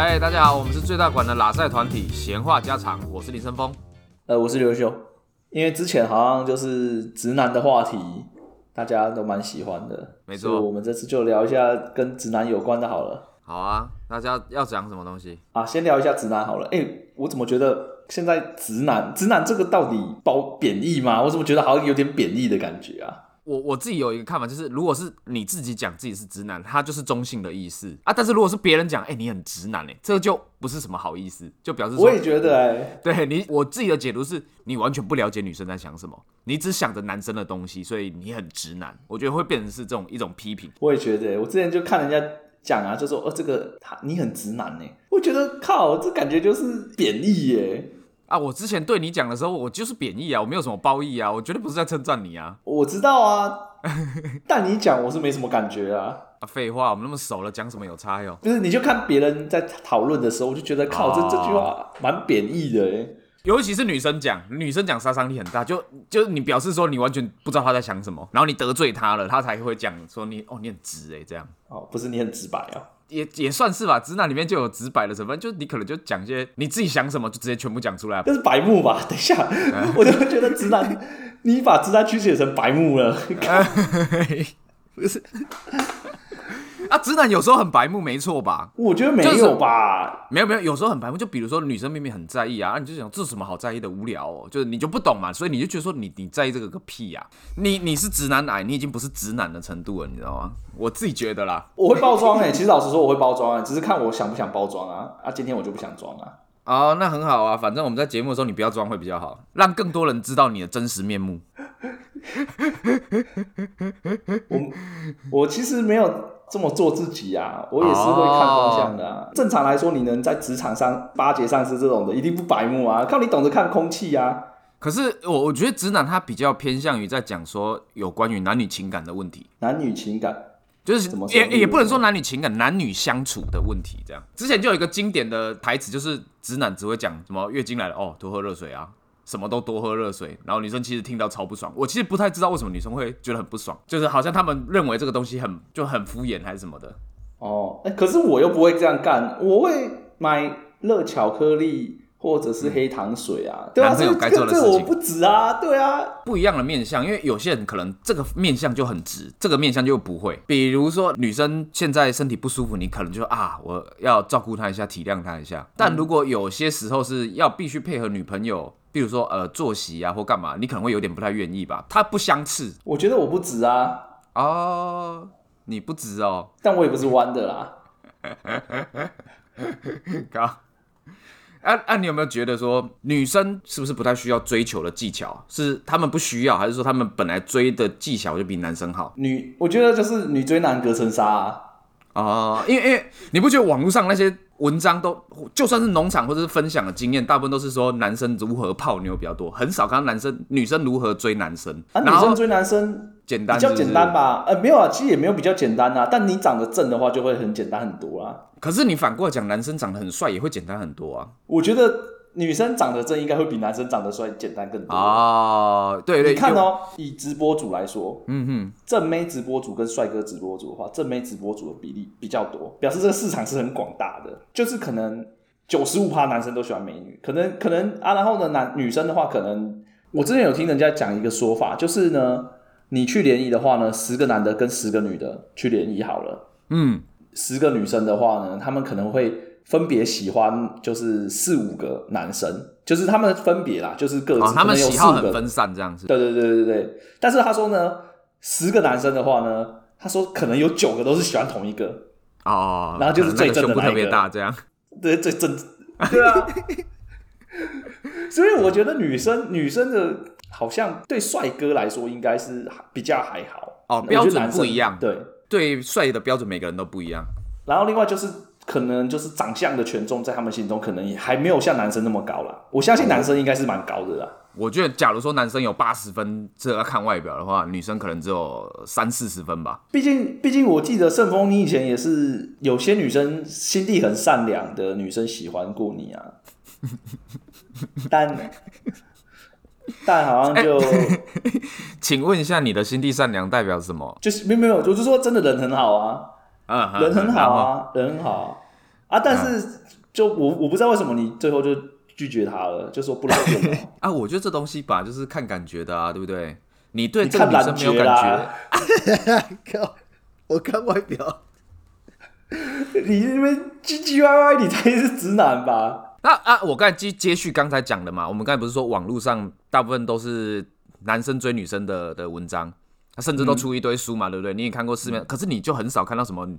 哎、hey，大家好，我們是最大館的喇賽團體閒話家常，我是林森峰，呃，我是劉秀。因為之前好像就是直男的話題，大家都蠻喜歡的，沒錯，我們這次就聊一下跟直男有關的好了，好啊，大家要講什麼東西啊？先聊一下直男好了，哎，我怎麼覺得現在直男直男這個到底包貶義嗎？我怎麼覺得好像有點貶義的感覺啊？我我自己有一個看法，就是如果是你自己講自己是直男，他就是中性的意思啊。但是如果是別人講，哎、欸，你很直男哎、欸，這就不是什麼好意思，就表示我也覺得、欸，對你我自己的解讀是，你完全不了解女生在想什麼，你只想着男生的東西，所以你很直男。我覺得會變成是這種一種批評。我也覺得、欸，我之前就看人家講啊，就說哦，這個他你很直男哎、欸，我覺得靠，這感覺就是貶義耶。啊，我之前對你講的時候，我就是貶義啊，我沒有什麼褒義啊，我絕對不是在稱讚你啊。我知道啊， 但你講我是沒什麼感覺啊。啊，廢話，我們那麼熟了，講什麼有差喲？就是，你就看別人在討論的時候，我就覺得靠，這、啊、這句話蠻貶義的誒、欸尤其是女生講，女生講殺傷力很大。就就是你表示說你完全不知道她在想什麼，然後你得罪她了，她才會講說你哦，你很直哎、欸，這樣哦，不是你很直白啊，也也算是吧，直男裡面就有直白的成分，就是你可能就講些你自己想什麼就直接全部講出來。那是白目吧？等一下、嗯，我就覺得直男， 你把直男曲解成白目了、嗯。不是。 啊，直男有時候很白目，沒錯吧？我覺得沒有吧，就是、沒有沒有，有時候很白目。就比如說女生明明很在意啊，啊你就想這是什麼好在意的，無聊哦，就是你就不懂嘛，所以你就覺得說你你在意這個個屁呀、啊！你你是直男癌，你已經不是直男的程度了，你知道嗎？我自己覺得啦，我會包裝哎、欸，其實老實說我會包裝、欸，只是看我想不想包裝啊。啊，今天我就不想裝啊。啊，那很好啊，反正我們在節目的時候你不要裝會比較好，讓更多人知道你的真實面目。 我我其實沒有。這麼做自己啊，我也是會看方向的，啊哦。正常來說，你能在職場上巴結上司這種的，一定不白目啊，靠你懂得看空氣啊。可是我我覺得直男他比較偏向於在講說有關於男女情感的問題。男女情感就是怎麼說，也也不能說男女情感，男女相處的問題這樣。嗯、之前就有一個經典的台詞，就是直男只會講什麼月經來了哦，多喝熱水啊。什麼都多喝熱水，然後女生其實聽到超不爽。我其實不太知道為什麼女生會覺得很不爽，就是好像他們認為這個東西很就很敷衍還是什麼的。哦，欸，可是我又不會這樣幹，我會買熱巧克力。或者是黑糖水啊。嗯，男朋友該做的事情我不直啊，對啊，不一樣的面相，因為有些人可能這個面相就很直，這個面相就不會。比如說女生現在身體不舒服，你可能就啊，我要照顧她一下，體諒她一下。但如果有些時候是要必須配合女朋友，比如說呃作息啊或幹嘛，你可能會有點不太願意吧？他不相斥，我覺得我不直啊，哦，你不直哦，但我也不是彎的啦， 啊啊！啊你有沒有覺得說女生是不是不太需要追求的技巧啊？是他們不需要，還是說他們本來追的技巧就比男生好？女，我覺得就是女追男隔層紗啊。呃，因為因為你不覺得網絡上那些文章都，就算是農場或者是分享的經驗，大部分都是說男生如何泡妞比較多，很少看到男生女生如何追男生。啊，女生追男生。簡單，是不是比較簡單吧？呃，沒有啊，其實也沒有比較簡單啊。但你長得正的話，就會很簡單很多啊。可是你反過來講，男生長得很帥也會簡單很多啊。我覺得女生長得正應該會比男生長得帥簡單更多啊。哦。對對，你看哦、喔，以直播主來說，嗯哼，正妹直播主跟帥哥直播主的話，正妹直播主的比例比較多，表示這個市場是很廣大的。就是可能九十五趴男生都喜歡美女，可能可能啊，然後呢，男女生的話，可能我之前有聽人家講一個說法，就是呢。你去聯誼的話呢，十個男的跟十個女的去聯誼好了。嗯，十個女生的話呢，他們可能會分別喜歡就是四五個男生，就是他們分別啦，就是各自可能有四個人，哦，他們喜好很分散這樣子。對對對對對。但是他說呢，十個男生的話呢，他說可能有九個都是喜歡同一個。哦，然後就是最正的那一個，那個，特別大這樣。對，最正。對啊。 所以我覺得女生，女生的。好像對帥哥來說應該是比較還好哦，標準不一樣。對，對帥的標準每個人都不一樣。然後另外就是可能就是長相的權重在他們心中可能也還沒有像男生那麼高啦。我相信男生應該是蠻高的啦。我覺得，假如說男生有八十分，這要看外表的話，女生可能只有三四十分吧。畢竟，畢竟我記得盛峰，你以前也是有些女生心地很善良的女生喜歡過你啊， 但。 但好像就，欸、 請問一下，你的心地善良代表什麼？就是沒有沒有，我就說真的人很好啊，啊，人很好啊，人很好啊，啊好啊啊啊，但是就我我不知道為什麼你最後就拒絕他了，就說不了啊。我覺得這東西吧，就是看感覺的啊，對不對？你對這個男生沒有感覺、啊靠？我看外表，你這邊唧唧歪歪，你才是直男吧？啊啊！我剛才接接續剛才講的嘛，我們剛才不是說網絡上大部分都是男生追女生的的文章，甚至都出一堆書嘛，嗯、對不對？你也看過市面、嗯、可是你就很少看到什麼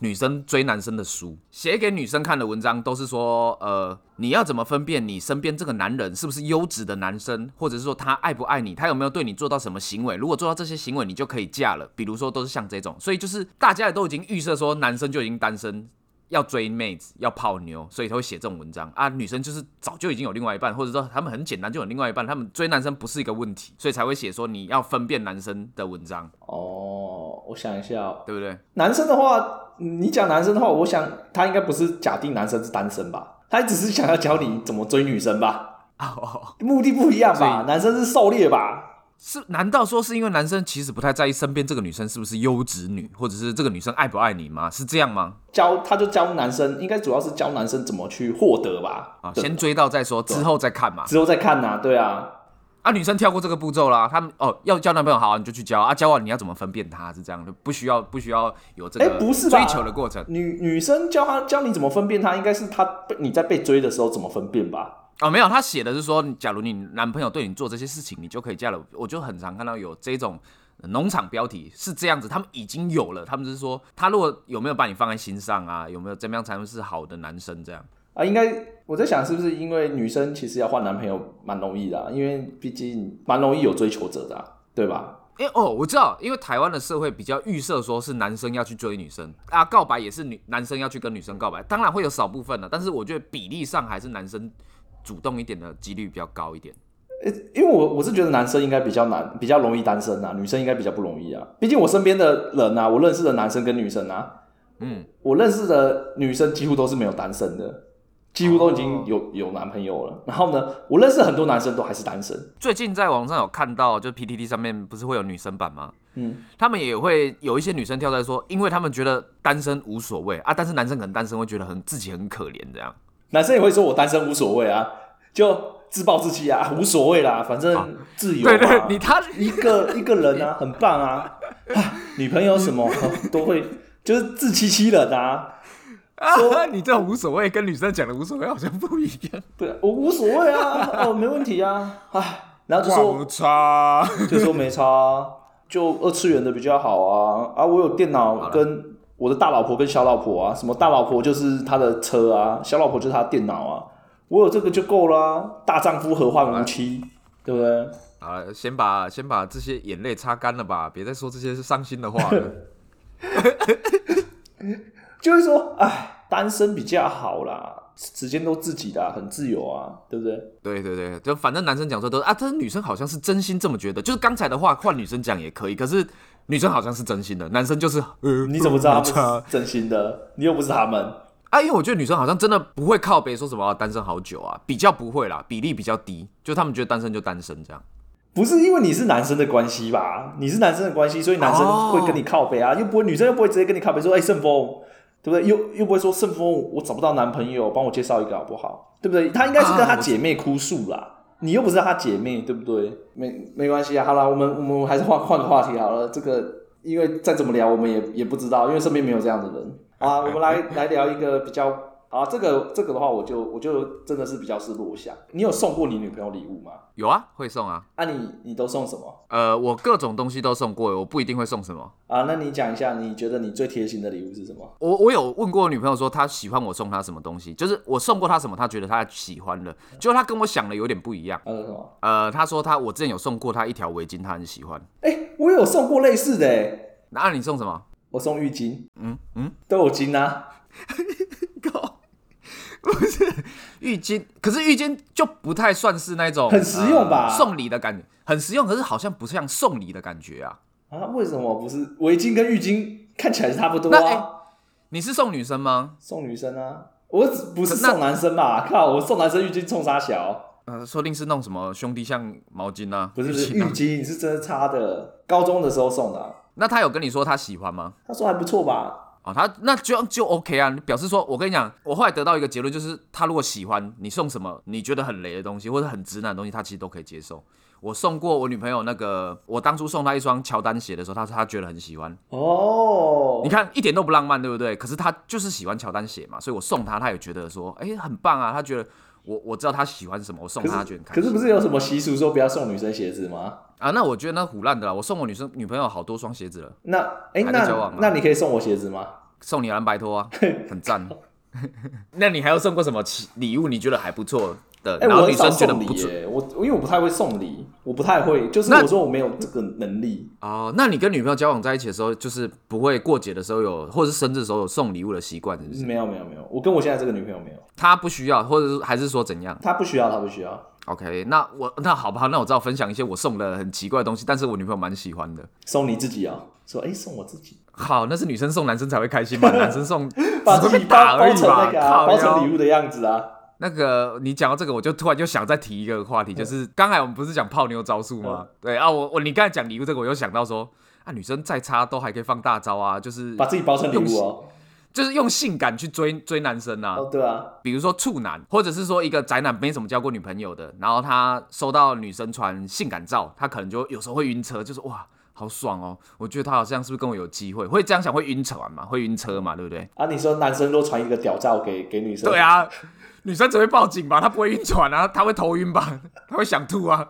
女生追男生的書，寫給女生看的文章都是說，呃，你要怎麼分辨你身邊這個男人是不是優質的男生，或者是說他愛不愛你，他有沒有對你做到什麼行為？如果做到這些行為，你就可以嫁了。比如說都是像這種，所以就是大家也都已經預設說，男生就已經單身。要追妹子，要泡妞，所以他會寫這種文章啊。女生就是早就已經有另外一半，或者說他們很簡單就有另外一半，他們追男生不是一個問題，所以才會寫說你要分辨男生的文章。哦，我想一下哦。對不對？男生的話，你講男生的話，我想他應該不是假定男生是單身吧？他只是想要教你怎麼追女生吧？哦，目的不一樣吧？男生是狩獵吧？是？難道說是因為男生其實不太在意身邊這個女生是不是優質女，或者是這個女生愛不愛你嗎？是這樣嗎？教他就教男生，應該主要是教男生怎麼去獲得吧？啊，先追到再說，之後再看嘛。之後再看吶、啊，對啊。啊，女生跳過這個步驟啦。他們哦，要交男朋友好、啊，你就去交啊。交完你要怎麼分辨他是這樣？就不需要不需要有這個追求的過程。女、欸、女生教他教你怎麼分辨他，應該是他你在被追的時候怎麼分辨吧？哦，沒有，他寫的是說，假如你男朋友對你做這些事情，你就可以嫁了。我就很常看到有這種農場標題是這樣子，他們已經有了，他們是說，他如果有沒有把你放在心上啊，有沒有怎麼樣才會是好的男生這樣啊？應該我在想，是不是因為女生其實要換男朋友蠻容易的、啊，因為畢竟蠻容易有追求者的、啊，對吧？哎、欸、哦，我知道，因為台灣的社會比較預設說是男生要去追女生啊，告白也是女男生要去跟女生告白，當然會有少部分的、啊，但是我覺得比例上還是男生。主動一點的幾率比較高一點，呃，因為我我是覺得男生應該比較難，比較容易單身啊，女生應該比較不容易啊。畢竟我身邊的人啊，我認識的男生跟女生啊，嗯，我認識的女生幾乎都是沒有單身的，幾乎都已經有、哦、有男朋友了。然後呢，我認識的很多男生都還是單身。最近在網上有看到，就 PTT 上面不是會有女生版嗎？嗯，他們也會有一些女生跳出來說，因為他們覺得單身無所謂啊，但是男生可能單身會覺得很自己很可憐這樣。男生也會說：“我單身無所謂啊，就自暴自棄啊，無所謂啦，反正自由嘛。啊對對對。”你他一個一個人啊，很棒啊！啊，女朋友什麼都會，就是自欺欺人啊！啊，說，你這無所謂，跟女生講的無所謂好像不一樣。對，我無所謂啊，哦、呃，沒問題啊，哎、啊，然後就說沒差，就說沒差，就二次元的比較好啊，啊，我有電腦跟。嗯我的大老婆跟小老婆啊，什麼大老婆就是他的車啊，小老婆就是他的電腦啊，我有這個就夠了，啊。大丈夫何患無妻，哎，對不對？啊，先把先把這些眼淚擦乾了吧，別再說這些是傷心的話了。 就是說，哎，單身比較好啦，時間都自己的，啊，很自由啊，對不對？對對對，就反正男生講說都啊，這女生好像是真心這麼覺得，就是剛才的話換女生講也可以，可是。女生好像是真心的，男生就是呃，你怎麼知道他們真心的？你又不是他們 啊，因為我覺得女生好像真的不會靠北，說什麼、啊、單身好久啊，比較不會啦，比例比較低，就他們覺得單身就單身這樣。不是因為你是男生的關係吧？你是男生的關係，所以男生會跟你靠北啊，oh. 又不會女生又不會直接跟你靠北說，哎，順風，對不對？又又不會說，順風，我找不到男朋友，幫我介紹一個好不好？對不對？她應該是跟她姐妹哭訴啦。Ah, 你又不是他姐妹，對不對？沒沒關係啊，好了，我們我們還是換換個話題好了。這個因為再怎麼聊，我們也也不知道，因為身邊沒有這樣的人。好啊，我們來 來聊一個比較。啊，這個這個的話，我就我就真的是比較是弱項。你有送過你女朋友禮物嗎？有啊，會送啊。那、啊、你你都送什麼？呃，我各種東西都送過，我不一定會送什麼啊。那你講一下，你覺得你最貼心的禮物是什麼？我我有問過我女朋友，說她喜歡我送她什麼東西，就是我送過她什麼，她覺得她喜歡的，就、嗯、她跟我想的有點不一樣。呃、啊、什麼？呃，她說她我之前有送過她一條圍巾，她很喜歡。哎、欸，我有送過類似的。那、啊、你送什麼？我送浴巾。嗯嗯，都有巾啊。 不是浴巾，可是浴巾就不太算是那種很實用吧，呃、送禮的感覺很實用，可是好像不像送禮的感覺啊啊！為什麼？不是圍巾跟浴巾看起來是差不多啊、欸？你是送女生嗎？送女生啊，我只不是送男生吧？靠，我送男生浴巾衝啥小？呃、說不定是弄什麼兄弟像毛巾啊。不是不是浴巾、啊，浴巾你是真的差的？高中的時候送的、啊？那他有跟你說他喜歡嗎？他說還不錯吧。哦，他那就就 OK 啊，表示說，我跟你講，我後來得到一個結論，就是他如果喜歡你送什麼你覺得很雷的東西，或者很直男的東西，他其實都可以接受。我送過我女朋友那個，我當初送她一雙喬丹鞋的時候，她說她覺得很喜歡哦，oh. 你看一點都不浪漫，對不對？可是她就是喜歡喬丹鞋嘛，所以我送她，她也覺得說，哎、欸，很棒啊，她覺得。我我知道他喜歡什麼，我送他就很開心。可是，可是不是有什麼習俗說不要送女生鞋子嗎？啊，那我覺得那唬爛的啦。我送我女生女朋友好多雙鞋子了。那誒、欸，還在交往嘛。那那你可以送我鞋子嗎？送你藍白拖啊，很贊。 那你還有送過什麼禮 物？你覺得還不錯？的，我女生送禮耶，我因為我不太會送禮，我不太會，就是我說我沒有這個能力那、哦、那你跟女朋友交往在一起的時候，就是不會過節的時候有，或者是生日的時候有送禮物的習慣是不是？沒有，沒有，沒有，我跟我現在這個女朋友沒有，她不需要，或者是還是說怎樣？她不需要，她不需要。OK，那我那好吧，那我只好分享一些我送的很奇怪的東西，但是我女朋友蠻喜歡的。送你自己啊？說哎，送我自己？好，那是女生送男生才會開心嘛？男生送， 把自己包、打而已包成那、啊、包成禮物的樣子啊。那個你講到這個，我就突然就想再提一個話題，就是剛才我們不是講泡妞招數嗎、嗯？對啊，我我你剛才講禮物這個，我又想到說，啊，女生再差都還可以放大招啊，就是把自己包成禮物哦，就是用性感去追追男生啊。對啊，比如說處男，或者是說一個宅男，沒怎麼交過女朋友的，然後他收到女生傳性感照，他可能就有時候會暈車，就是哇好爽哦、喔，我覺得他好像是不是跟我有機會，會這樣想，會暈船嘛，會暈車嘛，對不對？啊你說男生若傳一個屌照給給女生，對啊。女生只會報警吧，她不會暈船啊，她會頭暈吧，她會想吐啊。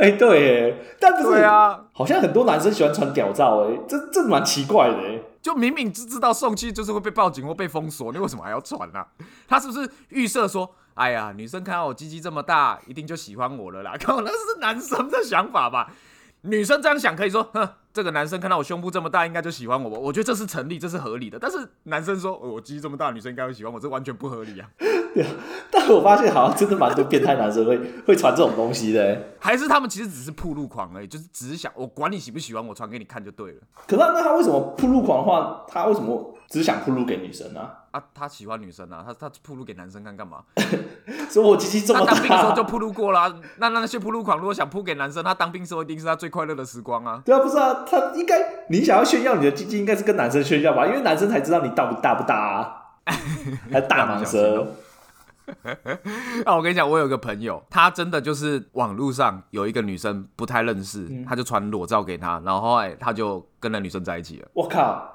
哎、欸，對耶，但不對啊，好像很多男生喜歡傳屌照，哎，這這蠻奇怪的，就明明知道送去就是會被報警或被封鎖，你為什麼還要傳呢、啊？她是不是預設說，哎呀，女生看到我雞雞這麼大，一定就喜歡我了啦？可能是男生的想法吧，女生這樣想可以說，哼。這個男生看到我胸部這麼大，應該就喜歡我吧？我覺得這是成立，這是合理的。但是男生說：“哦，我雞這麼大，女生應該會喜歡我。”這完全不合理啊！ 對啊，但是我發現好像真的蠻多變態男生會 會傳這種東西的，還是他們其實只是暴露狂而已，就是只是想，我管你喜不喜歡，我傳給你看就對了。可是那他為什麼暴露狂的話，他為什麼只想暴露給女生呢、啊？啊，他喜歡女生啊，他他暴露給男生看幹嘛？所 以我雞雞這麼大，他當兵的時候就暴露過了、啊。那那那些暴露狂如果想暴露給男生，他當兵時候一定是他最快樂的時光啊。對啊，不是啊，他應該，你想要炫耀你的雞雞，應該是跟男生炫耀吧，因為男生才知道你大不大不大、啊， 還大蟒蛇。 啊！我跟你講，我有一個朋友，他真的就是網絡上有一個女生不太認識，嗯、他就傳裸照給她，然後後來、欸、他就跟那女生在一起了。我靠，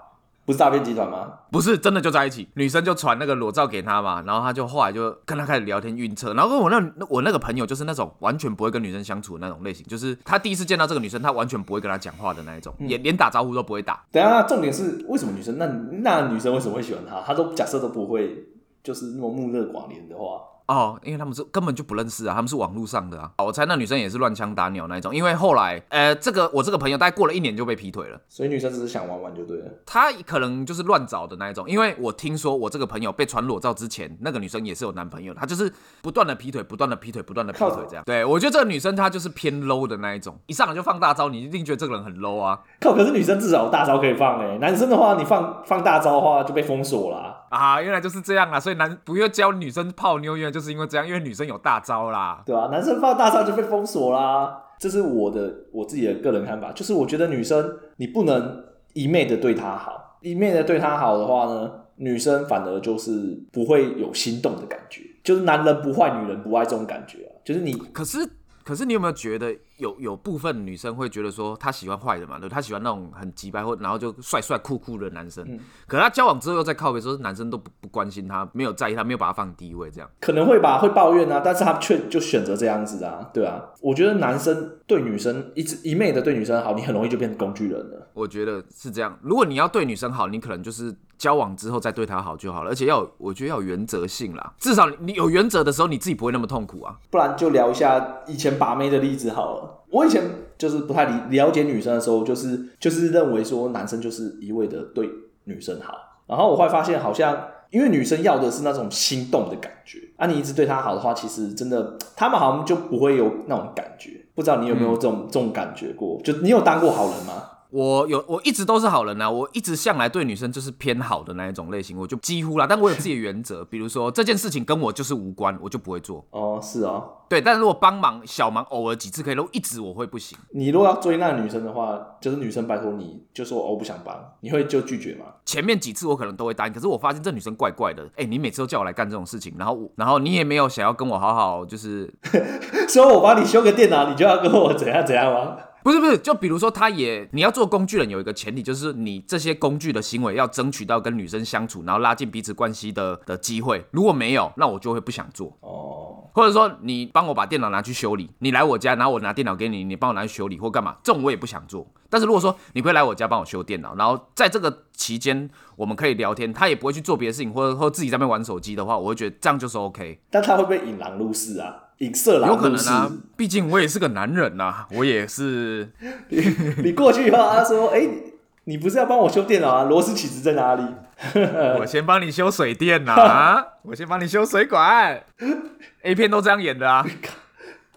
不是詐騙集團嗎？不是，真的就在一起。女生就傳那個裸照給他嘛，然後他就後來就跟他開始聊天、暈車。然後跟我那，那我那個朋友就是那種完全不會跟女生相處的那種類型，就是他第一次見到這個女生，他完全不會跟他講話的那一種，連、嗯、連打招呼都不會打。等一下，那重點是為什麼女生那那女生為什麼會喜歡他？他都假設都不會。就是那種木訥寡言的話。哦，因為他們是根本就不認識啊，他們是網絡上的啊。我猜那女生也是亂槍打鳥那一種，因為後來，呃，這個我這個朋友大概過了一年就被劈腿了，所以女生只是想玩玩就對了。她可能就是亂找的那一種，因為我聽說我這個朋友被傳裸照之前，那個女生也是有男朋友，她就是不斷的劈腿，不斷的劈腿，不斷的劈腿這樣。對，我覺得這個女生她就是偏 low 的那一種，一上來就放大招，你一定覺得這個人很 low 啊。靠，可是女生至少有大招可以放哎，男生的話你放放大招的話就被封鎖了啊，原來就是這樣啊，所以男不要教女生泡妞，因為就是因為這樣，因為女生有大招啦，對啊，男生放大招就被封鎖啦。這是我的我自己的個人看法，就是我覺得女生你不能一昧的對她好，一昧的對她好的話呢，女生反而就是不會有心動的感覺，就是男人不壞，女人不愛這種感覺啊。就是你，可是可是你有沒有覺得？有有部分女生會覺得說她喜歡壞的嘛，對，她喜歡那種很機掰，或然後就帥帥酷酷的男生。嗯，可她交往之後又在靠北，說男生都不不關心她，沒有在意她，沒有把她放第一位，這樣可能會吧，會抱怨啊，但是她卻就選擇這樣子啊，對啊。我覺得男生對女生一直一昧的對女生好，你很容易就變成工具人了。我覺得是這樣。如果你要對女生好，你可能就是交往之後再對她好就好了，而且要有，我覺得要有原則性啦，至少你有原則的時候，你自己不會那麼痛苦啊。不然就聊一下以前把妹的例子好了。我以前就是不太理了解女生的時候，就是就是認為說男生就是一味的對女生好，然後我會發現好像因為女生要的是那種心動的感覺，啊，你一直對她好的話，其實真的他們好像就不會有那種感覺，不知道你有沒有這種、嗯、這種感覺過？就你有當過好人嗎？我有，我一直都是好人啊，我一直向來對女生就是偏好的那一種類型，我就幾乎啦。但我有自己的原則， 比如說這件事情跟我就是無關，我就不會做。哦，是啊、哦，對。但如果幫忙小忙偶爾幾次可以，如果一直我會不行。你如果要追那個女生的話，就是女生拜托你，就說我偶不想幫，你會就拒絕嗎？前面幾次我可能都會答應，可是我發現這女生怪怪的。哎、欸，你每次都叫我來幹這種事情，然後我然後你也沒有想要跟我好好就是，說 我幫你修個電腦，你就要跟我怎樣怎樣嗎？不是不是，就比如說他也，你要做工具人，有一個前提就是你這些工具的行為要爭取到跟女生相處，然後拉近彼此關係的的機會。如果沒有，那我就會不想做。哦、oh.，或者說你幫我把電腦拿去修理，你來我家，然後我拿電腦給你，你幫我拿去修理或幹嘛，這種我也不想做。但是如果說你會來我家幫我修電腦，然後在這個期間我們可以聊天，他也不會去做別的事情，或者或者自己在那邊玩手機的話，我會覺得這樣就是 OK。但他會不會引狼入室啊？影射啦，有可能啊，畢竟我也是個男人啊，我也是。 你，你過去以後，他說：“哎、欸，你不是要幫我修電腦啊？螺絲起子在哪裡？” 我先幫你修水電啊， 我先幫你修水管。A 片都這樣演的啊！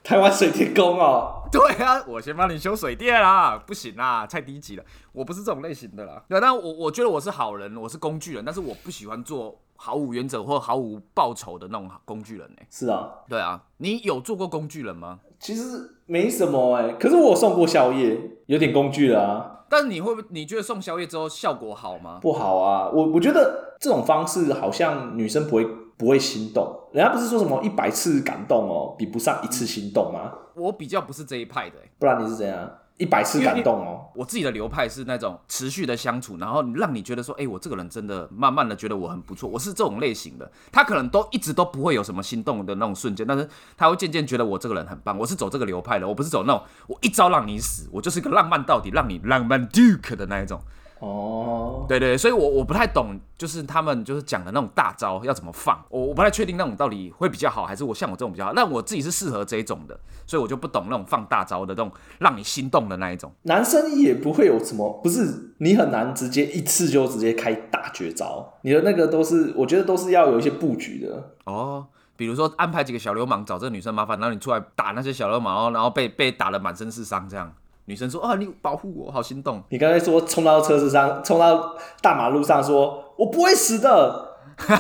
台灣水電工哦？對啊，我先幫你修水電啊，不行啦，太低級了。我不是這種類型的啦。對，但我我覺得我是好人，我是工具人，但是我不喜歡做毫無原則或毫無報酬的那種工具人誒、欸。是啊，對啊，你有做過工具人嗎？其實沒什麼誒、欸，可是我送過宵夜，有點工具了啊。但是你會不，你覺得送宵夜之後效果好嗎？不好啊，我我覺得這種方式好像女生不會。不會心動，人家不是說什麼一百次感動哦，比不上一次心動嗎？我比較不是這一派的，欸，不然你是怎樣？一百次感動哦，我自己的流派是那種持續的相處，然後讓你覺得說，誒、欸，我這個人真的慢慢的覺得我很不錯，我是這種類型的。他可能都一直都不會有什麼心動的那種瞬間，但是他會漸漸覺得我這個人很棒。我是走這個流派的，我不是走那種我一招讓你死，我就是個浪漫到底，讓你浪漫 Duke 的那一種。哦、oh.，對對，所以我我不太懂，就是他們就是講的那種大招要怎麼放，我我不太確定那種到底會比較好，還是我像我這種比較好，那我自己是適合這一種的，所以我就不懂那種放大招的那種讓你心動的那一種。男生也不會有什麼，不是你很難直接一次就直接開大絕招，你的那個都是我覺得都是要有一些布局的哦，oh, 比如說安排幾個小流氓找這個女生麻煩，然後你出來打那些小流氓，然後然後被被打的滿身是傷這樣。女生說：“啊、哦，你保護我，好心動。”你剛才說衝到車子上，衝到大馬路上說，說我不會死的，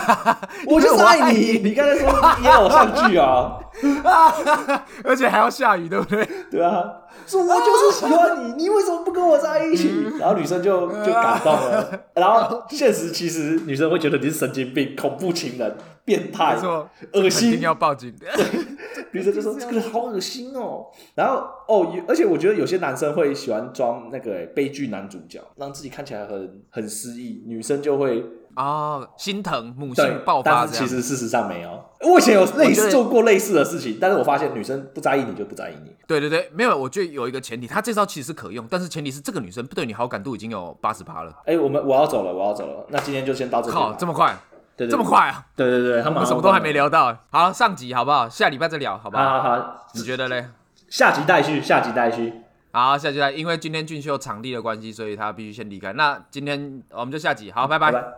我就是愛你。你剛才說要我上去啊， 而且還要下雨，對不對？對啊，說我就是喜歡你，你為什麼不跟我在一起？ 然後女生就就感動了。然後現實其實女生會覺得你是神經病、恐怖情人、變態、噁心，這個肯定要報警 比如說就說這個人好惡心哦、喔，然後哦，而且我覺得有些男生會喜歡裝那個、欸、悲劇男主角，讓自己看起來很很失意，女生就會啊心疼、母性爆發，其實事實上沒有。我以前有類似做過類似的事情，但是我發現女生不在意你就不在意你。對對對，沒有，我覺得有一個前提，他這招其實是可用，但是前提是這個女生對你好感度已經有八十八了。哎，我們我要走了，我要走了，那今天就先到這裡。靠，這麼快。對對對這麼快啊！對對對，他我們什麼都還沒聊到、欸。好，上集好不好？下禮拜再聊，好不好，好，好，好，你覺得咧？下集待續，下集待續。好，下集待續，因為今天俊秀場地的關係，所以他必須先離開。那今天我們就下集，好，嗯、拜拜。拜拜。